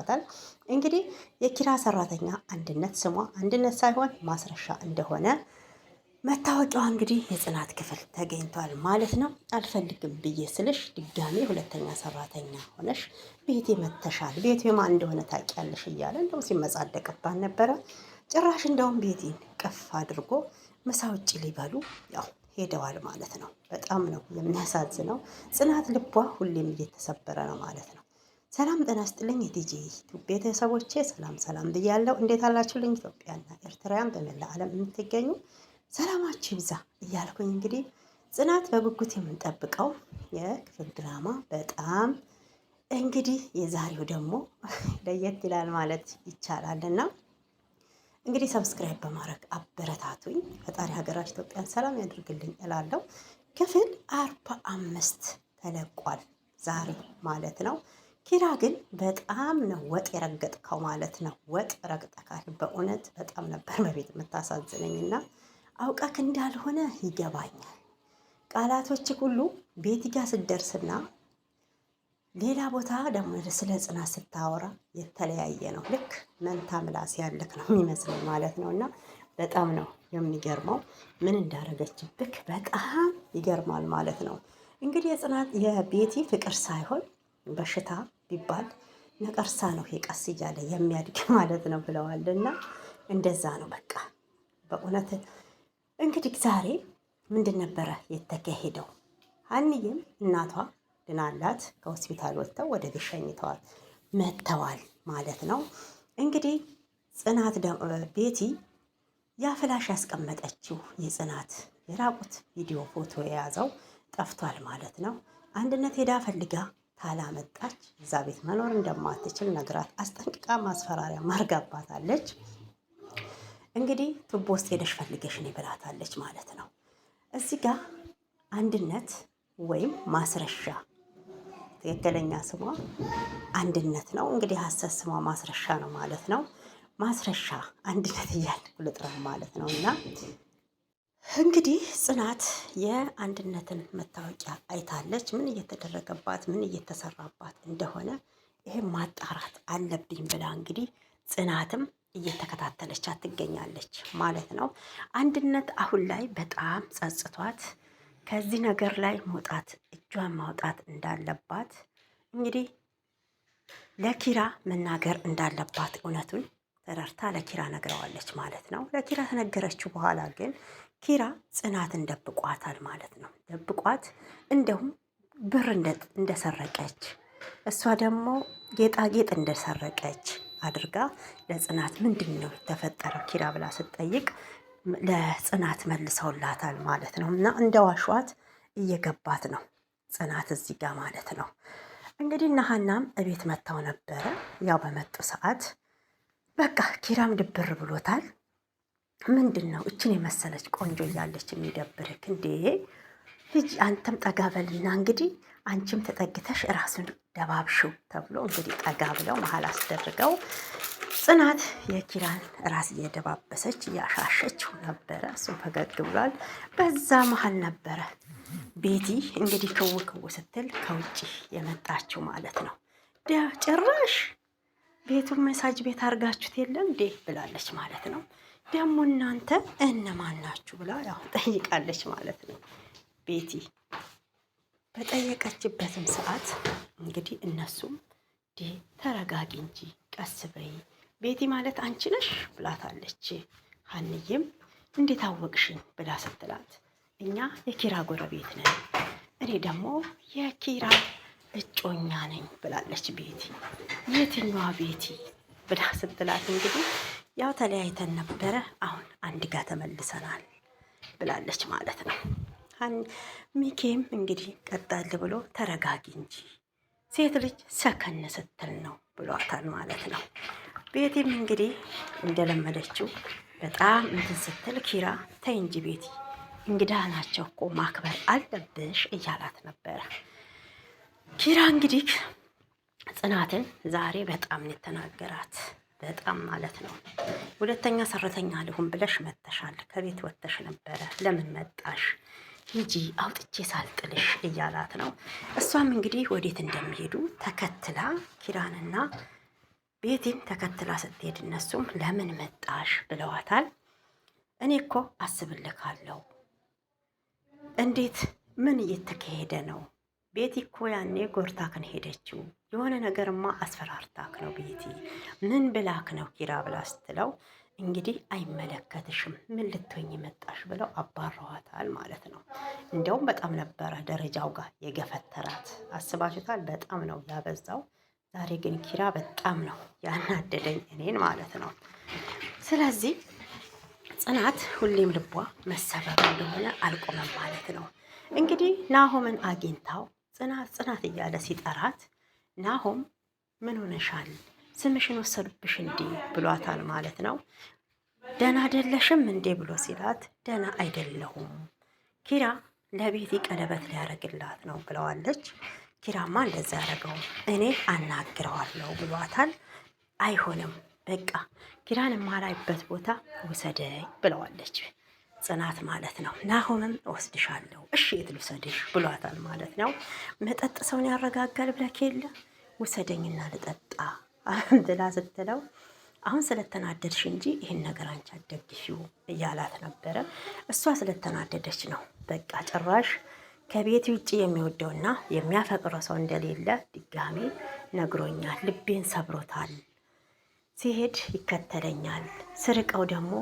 ይሰጣታል። እንግዲህ የኪራ ሰራተኛ አንድነት ስሟ አንድነት ሳይሆን ማስረሻ እንደሆነ መታወቂያዋ እንግዲህ የጽናት ክፍል ተገኝቷል ማለት ነው። አልፈልግም ብዬ ስልሽ ድጋሜ ሁለተኛ ሰራተኛ ሆነሽ ቤቴ መተሻል፣ ቤቴ ማን እንደሆነ ታውቂያለሽ እያለ እንደውም ሲመጻደቅባት ነበረ። ጭራሽ እንደውም ቤቴን ቀፍ አድርጎ ምሳ ውጭ ሊበሉ ያው ሄደዋል ማለት ነው። በጣም ነው የሚያሳዝነው። ጽናት ልቧ ሁሌም እየተሰበረ ነው ማለት ነው። ሰላም ጤና ይስጥልኝ የቲጂ ቤተሰቦቼ፣ ሰላም ሰላም ብያለሁ። እንዴት አላችሁልኝ? ኢትዮጵያና ኤርትራውያን በመላ ዓለም የምትገኙ ሰላማችሁ ይብዛ እያልኩኝ እንግዲህ ጽናት በጉጉት የምንጠብቀው የክፍል ድራማ በጣም እንግዲህ የዛሬው ደግሞ ለየት ይላል ማለት ይቻላል እና እንግዲህ ሰብስክራይብ በማድረግ አበረታቱኝ። ፈጣሪ ሀገራችን ኢትዮጵያን ሰላም ያድርግልኝ እላለሁ። ክፍል አርባ አምስት ተለቋል ዛሬ ማለት ነው። ኪራ ግን በጣም ነው ወጥ የረገጥከው ማለት ነው። ወጥ ረግጠካል። በእውነት በጣም ነበር በቤት የምታሳዝነኝ እና አውቀክ እንዳልሆነ ይገባኛል። ቃላቶች ሁሉ ቤት ጋ ስደርስና ሌላ ቦታ ደግሞ ስለ ጽና ስታወራ የተለያየ ነው። ልክ መንታ ምላስ ያለክ ነው የሚመስለኝ ማለት ነው እና በጣም ነው የሚገርመው ምን እንዳረገችብክ በጣም ይገርማል ማለት ነው። እንግዲህ የጽናት የቤቲ ፍቅር ሳይሆን በሽታ ቢባል ነቀርሳ ነው። ይሄ ቀስ እያለ የሚያድግ ማለት ነው ብለዋል እና እንደዛ ነው በቃ በእውነት እንግዲህ ዛሬ ምንድን ነበረ የተካሄደው? አንዬም እናቷ ድናላት ከሆስፒታል ወጥተው ወደ ቤት ሸኝተዋል መጥተዋል ማለት ነው። እንግዲህ ጽናት ቤቲ ያ ፍላሽ ያስቀመጠችው የጽናት የራቁት ቪዲዮ ፎቶ የያዘው ጠፍቷል ማለት ነው። አንድነት ሄዳ ፈልጋ ካላመጣች እዛ ቤት መኖር እንደማትችል ነግራት አስጠንቅቃ ማስፈራሪያ ማርጋባታለች። እንግዲህ ቱቦ ውስጥ ሄደሽ ፈልገሽ እኔ ብላታለች ማለት ነው። እዚህ ጋ አንድነት ወይም ማስረሻ ትክክለኛ ስሟ አንድነት ነው። እንግዲህ ሀሰት ስሟ ማስረሻ ነው ማለት ነው። ማስረሻ አንድነት እያልኩ ልጥራ ማለት ነው እና እንግዲህ ጽናት የአንድነትን መታወቂያ አይታለች። ምን እየተደረገባት ምን እየተሰራባት እንደሆነ ይሄ ማጣራት አለብኝ ብላ እንግዲህ ጽናትም እየተከታተለች ትገኛለች ማለት ነው። አንድነት አሁን ላይ በጣም ጸጽቷት ከዚህ ነገር ላይ መውጣት እጇን ማውጣት እንዳለባት እንግዲህ ለኪራ መናገር እንዳለባት እውነቱን ተረርታ ለኪራ ነግረዋለች ማለት ነው። ለኪራ ከነገረችው በኋላ ግን ኪራ ጽናትን ደብቋታል ማለት ነው። ደብቋት እንደውም ብር እንደሰረቀች እሷ ደግሞ ጌጣጌጥ እንደሰረቀች አድርጋ ለጽናት ምንድን ነው የተፈጠረው ኪራ ብላ ስትጠይቅ ለጽናት መልሰውላታል ማለት ነው። እና እንደ ዋሿት እየገባት ነው ጽናት እዚህ ማለት ነው። እንግዲህ እነ ሀናም እቤት መጥተው ነበረ ያው በመጡ ሰዓት በቃ ኪራም ድብር ብሎታል። ምንድን ነው እችን የመሰለች ቆንጆ እያለች የሚደብርክ እንዴ? ልጅ አንተም ጠጋበልና እንግዲህ አንቺም ተጠግተሽ ራሱን ደባብሽው ተብሎ እንግዲህ ጠጋ ብለው መሀል አስደርገው ጽናት የኪራን ራስ እየደባበሰች እያሻሸችው ነበረ። እሱም ፈገግ ብሏል። በዛ መሀል ነበረ ቤቲ እንግዲህ ክው ክው ስትል ከውጭ የመጣችው ማለት ነው ጭራሽ ቤቱን መሳጅ ቤት አድርጋችሁት የለም እንዴ ብላለች ማለት ነው። ደግሞ እናንተ እነማን ናችሁ ብላ ያው ጠይቃለች ማለት ነው ቤቲ በጠየቀችበትም ሰዓት እንግዲህ እነሱም ዴ ተረጋጊ እንጂ ቀስ በይ ቤቲ ማለት አንቺ ነሽ ብላታለች። ሀንዬም እንዴት አወቅሽኝ ብላ ስትላት እኛ የኪራ ጎረቤት ነን እኔ ደግሞ የኪራ እጮኛ ነኝ ብላለች ቤቲ። የትኛዋ ቤቲ ብላ ስትላት እንግዲህ ያው ተለያይተን ነበረ፣ አሁን አንድ ጋር ተመልሰናል ብላለች ማለት ነው። ሚኬም እንግዲህ ቀጠል ብሎ ተረጋጊ እንጂ ሴት ልጅ ሰከን ስትል ነው ብሏታል ማለት ነው። ቤቲም እንግዲህ እንደለመደችው በጣም እንትን ስትል ኪራ ተይ እንጂ ቤቲ እንግዳ ናቸው እኮ ማክበር አለብሽ እያላት ነበረ። ኪራ እንግዲህ ጽናትን ዛሬ በጣም ነው የተናገራት። በጣም ማለት ነው። ሁለተኛ ሰራተኛ ልሁን ብለሽ መጥተሻል። ከቤት ወጥተሽ ነበረ፣ ለምን መጣሽ? ሂጂ አውጥቼ ሳልጥልሽ እያላት ነው። እሷም እንግዲህ ወዴት እንደሚሄዱ ተከትላ ኪራንና ቤቲን ተከትላ ስትሄድ እነሱም ለምን መጣሽ ብለዋታል። እኔ እኮ አስብልካለሁ። እንዴት ምን እየተካሄደ ነው ቤቲ እኮ ያኔ ጎርታክን ሄደችው የሆነ ነገርማ አስፈራርታክ ነው ቤቲ ምን ብላክ ነው ኪራ ብላ ስትለው እንግዲህ አይመለከትሽም ምን ልትሆኝ መጣሽ ብለው አባረዋታል ማለት ነው። እንዲያውም በጣም ነበረ ደረጃው ጋር የገፈተራት አስባችታል በጣም ነው ያበዛው። ዛሬ ግን ኪራ በጣም ነው ያናደደኝ እኔን ማለት ነው። ስለዚህ ጽናት ሁሌም ልቧ መሰበር እንደሆነ አልቆመም ማለት ነው። እንግዲህ ናሆምን አግኝታው ጽናት ጽናት እያለ ሲጠራት ናሆም ምን ሆነሻል? ስምሽን ወሰዱብሽ እንዴ ብሏታል ማለት ነው። ደና አይደለሽም እንዴ ብሎ ሲላት ደና አይደለሁም ኪራ ለቤቲ ቀለበት ሊያረግላት ነው ብለዋለች። ኪራማ እንደዛ ያደረገው እኔ አናግረዋለሁ ብሏታል። አይሆንም በቃ ኪራን የማላይበት ቦታ ውሰደኝ ብለዋለች። ጽናት ማለት ነው። ናሆምም እወስድሻለሁ እሺ የት ልውሰድሽ ብሏታል ማለት ነው። መጠጥ ሰውን ያረጋጋል ብለክ የለ ውሰደኝና ልጠጣ ብላ ስትለው አሁን ስለተናደድሽ እንጂ ይህን ነገር አንቺ አትደግፊው እያላት ነበረ። እሷ ስለተናደደች ነው። በቃ ጭራሽ ከቤት ውጭ የሚወደውና የሚያፈቅረው ሰው እንደሌለ ድጋሜ ነግሮኛል፣ ልቤን ሰብሮታል፣ ሲሄድ ይከተለኛል፣ ስርቀው ደግሞ